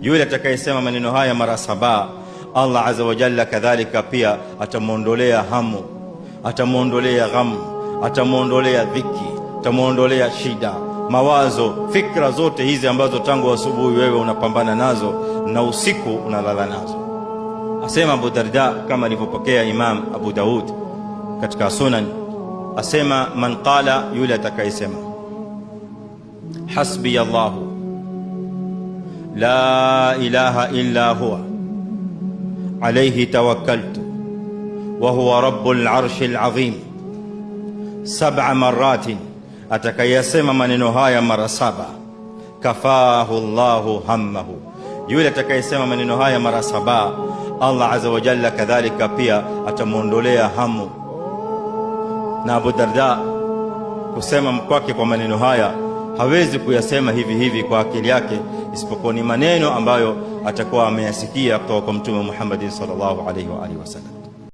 Yule atakayesema maneno haya mara saba, Allah azza wa jalla kadhalika pia atamwondolea hamu, atamwondolea ghamu, atamwondolea dhiki, atamwondolea shida, mawazo, fikra zote hizi ambazo tangu asubuhi wewe unapambana nazo na usiku unalala nazo. Asema Abu Darda kama alivyopokea Imam Abu Daud katika Sunan, asema man qala, yule atakayesema hasbiya Allahu la ilaha illa huwa alayhi tawakkaltu wa huwa rabbul arshil azim sab'a maratin, atakayasema maneno haya mara saba kafahu llahu hammahu, yule atakayesema maneno haya mara saba Allah aza wa jalla kadhalika pia atamwondolea hamu. Na Abu Darda kusema kwake kwa maneno haya hawezi kuyasema hivi hivi kwa akili yake, isipokuwa ni maneno ambayo atakuwa ameyasikia kutoka kwa Mtume Muhammad sallallahu alaihi wa alihi wasallam.